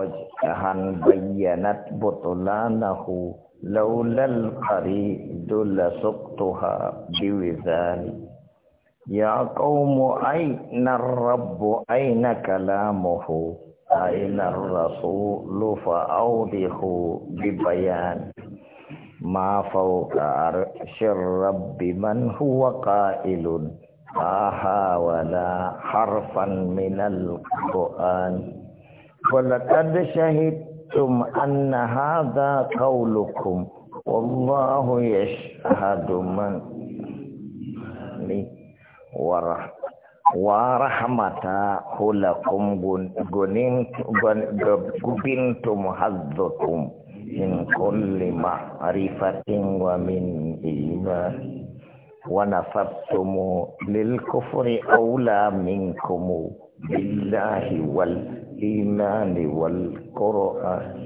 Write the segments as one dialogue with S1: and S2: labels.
S1: وجهان بينت بطلانه لولا القريد لسقتها بوزاني يا قوم أين الرب أين كلامه أين الرسول فأوضحوا ببيان ما فوق عرش الرب من هو قائل آها ولا حرفا من القرآن ولقد شهدتم أن هذا قولكم والله يشهد من ورحمة لكم غبنتم حظكم من كل معرفة ومن إيمان ونفبتم للكفر أولى منكم بالله والإيمان الإيمان والقرآن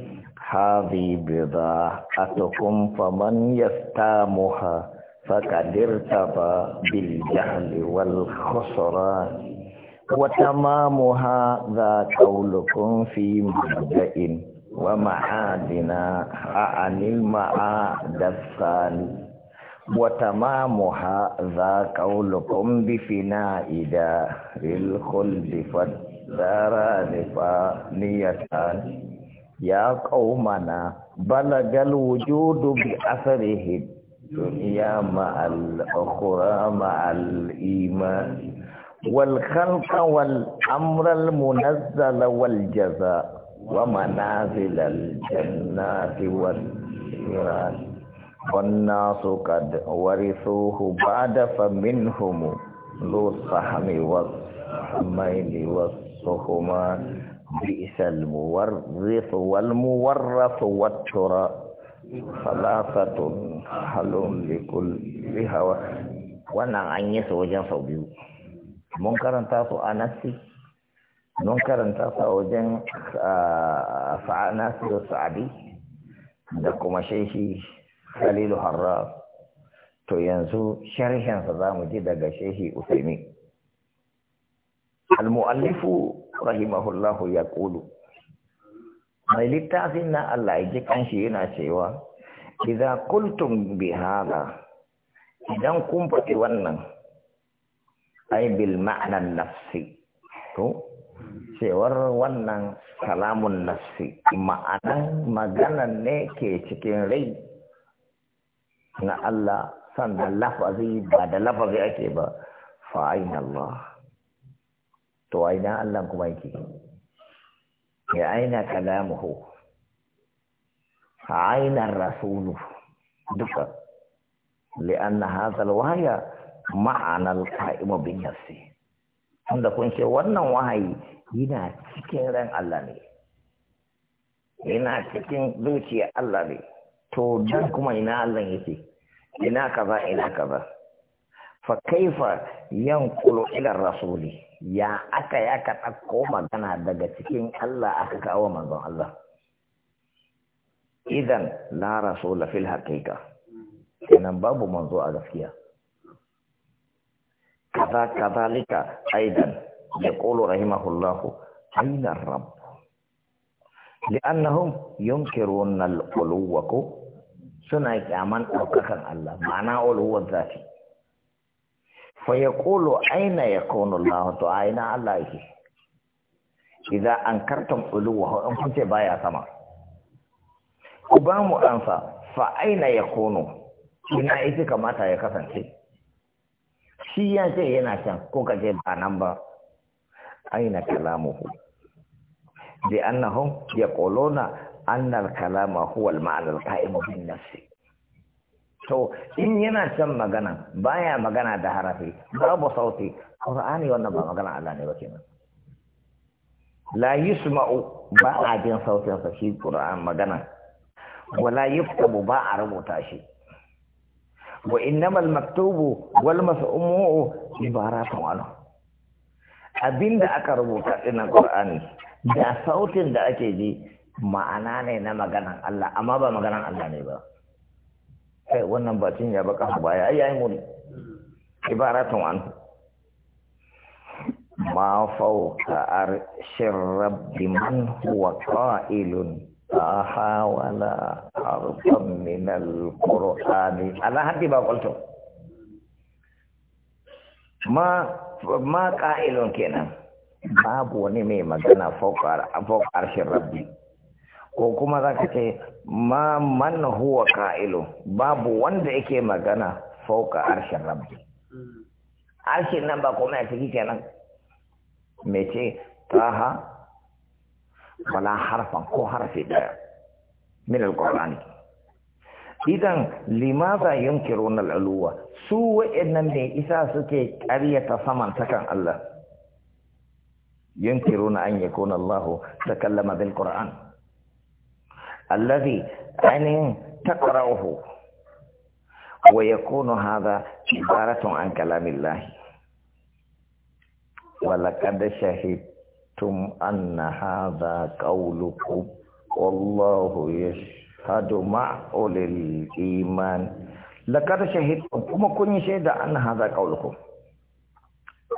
S1: هذه بضاعتكم فمن يستامها فقد ارتبى بالجهل والخسران وتمامها ذا قولكم في مبدأ ومعادنا عن المعاد الثاني وتمامها ذا قولكم بفناء دار الخلد فالتالي داران نيتان يا قومنا بلغ الوجود بأثره الدنيا مع الأخرى مع الإيمان والخلق والأمر المنزل والجزاء ومنازل الجنات والنيران والناس قد ورثوه بعد فمنهم ذو الصحم والصحمين والصهما بئس المورث والمورث والترى ثلاثة حل لكل هوى wannan an yi su wajen sau biyu mun karanta su a nasi mun karanta su a wajen sa'anasi da sa'adi da kuma sheshi khalilu harra to yanzu sharhinsa za mu ji daga shehi usaimi al-mu'allifu rahimahullahu ya kulu mai littafin na Allah ya ji kanshi yana cewa idan kultum bi hada idan kun faɗi wannan ai bil ma'anan nafsi to cewar wannan kalamun nafsi ma'anan maganan ne ke cikin rai na Allah sannan lafazi ba da lafazi ake ba fa'ayin Allah to aina Allah kuma yake ya aina kalamuhu aina rasulu duka li'anna hadha waya ma'ana alqa'imu bin yasi, wanda kun ce wannan wahayi yana cikin ran Allah ne yana cikin zuciya Allah ne to dan kuma ina Allah yake ina kaza ina kaza fa kaifa yanqulu ila rasuli ya aka ya ka ɗauko magana daga cikin Allah aka kawo manzon Allah idan la rasula fil haqiqa kenan babu manzo a gaskiya kaza kazalika aidan yaqulu rahimahullahu aina rabb لأنهم ينكرون القلوة suna kyaman ɗaukakan Allah ma'ana uluwar zafi fa ya kolo aina ya kono Allah to aina Allah yake idza kartan uluwa in kun ce baya sama ku ba mu ansa fa aina ya kono ina yake kamata ya kasance shi ya ce yana can ko ka ce ba nan ba aina kalamuhu bi annahum yaquluna annal kalama huwa al-ma'ana al-qa'imu bin nafsi to in yana can magana baya magana da harafi babu sauti qur'ani wannan ba magana Allah ne ba kenan la yusma'u ba a jin sautin sa shi qur'an magana wala yuktabu ba a rubuta shi wa innamal maktubu wal mas'umu ibaratun anhu abinda aka rubuta dinan qur'ani da sautin da ake ji ma'ana ne na maganan Allah amma ba maganan Allah ne ba kai wannan ba cin ya ba kafa baya ai ai muni ibaratun an ma ka arshin rabbi man huwa qa'ilun taha wala harfan min alqur'ani ala hadi ba qultu ma ma qa'ilun kenan babu wani mai magana fauka arshin rabbi ko kuma za ka ce ma man huwa ka'ilu babu wanda yake magana fauka arshin rabbi arshin nan ba kuma ya ciki kenan me ce taha wala harfan ko harfi daya min alqur'ani idan limaza yunkiruna al-aluwa su wa'annan ne isa suke ƙaryata saman takan Allah yunkiruna an yakuna Allahu takallama bil qur'an allazi ainihin taqra'uhu wa yakunu hadha ibaratun an kalamillahi wa laqad shahidtum anna hadha qawlukum wallahu yashhadu ma'ulil iman laqad tun kuma kun yi shaida anna hadha qawlukum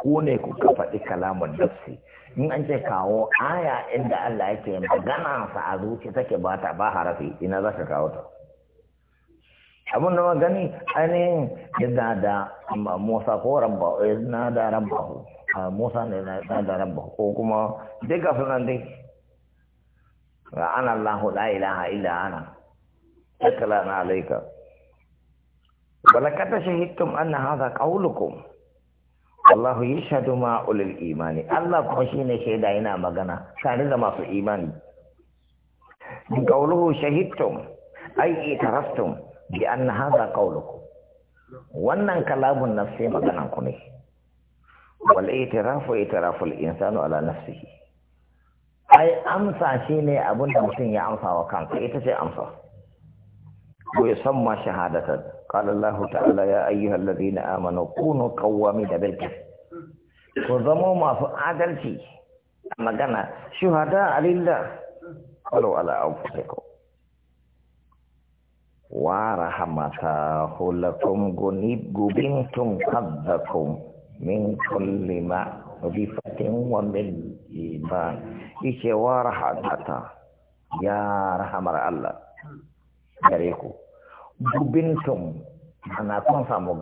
S1: ku ne kuka faɗi kalamun nafsi in an ce kawo aya inda Allah yake magana sa a zuci take ba ta ba harafi ina za ka kawo ta abun da magani ainihin yadda da musa ko rabba eh, na da rabba musa ne na da rabba ko kuma duka sunan dai ana allahu la ilaha illa ana na alaika balakata shahidtum anna hadha qawlukum Allahu sha ma ulul imani Allah kuma shine shaida yana magana tare da masu imani min qawluhu shahidtum ay itaraftum bi anna hadha qawlukum wannan kalamun nafsi maganan ku ne wal itirafu itiraful insanu ala nafsihi ai amsa shine abin da mutum ya amsa wa kansa ita ce amsa ويسمى شهادة قال الله تعالى يا أيها الذين آمنوا كونوا قوامين بالكفر وضموا ما فعادل فيه أما كان شهداء لله قالوا على أنفسكم ورحمة لكم غنبتم قدكم من كل ما معرفة ومن إيمان إيش وارحمة يا رحمة الله gare ku gubintum ana kun samu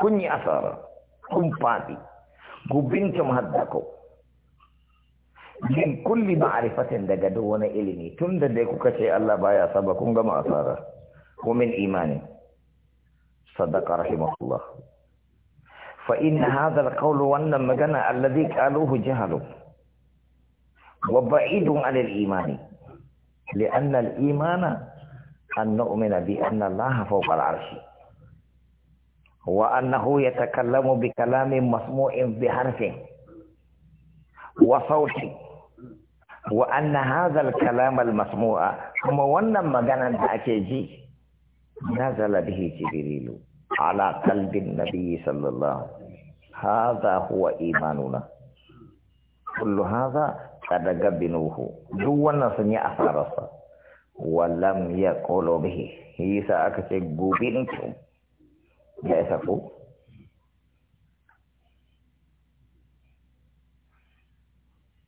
S1: kun yi asara kun faɗi gubintum haddako min kulli ma'arifatin daga duk wani ilimi tun da dai kuka ce Allah baya saba kun gama asara ko min imani sadaqa rahimahullah fa inna hadha alqawlu wannan magana alladhi qaluhu jahalu wa ba'idun 'ala al-imani لأن imana. أن نؤمن بأن الله فوق العرش وأنه يتكلم بكلام مسموع بحرف وصوت وأن هذا الكلام المسموع هو وانا مغانا أكيجي نزل به جبريل على قلب النبي صلى الله عليه وسلم هذا هو إيماننا كل هذا قد قبلوه دوانا سنيا أثارسه walam ya ƙolo bihi yasa aka ce gobe ɗin ya isa ko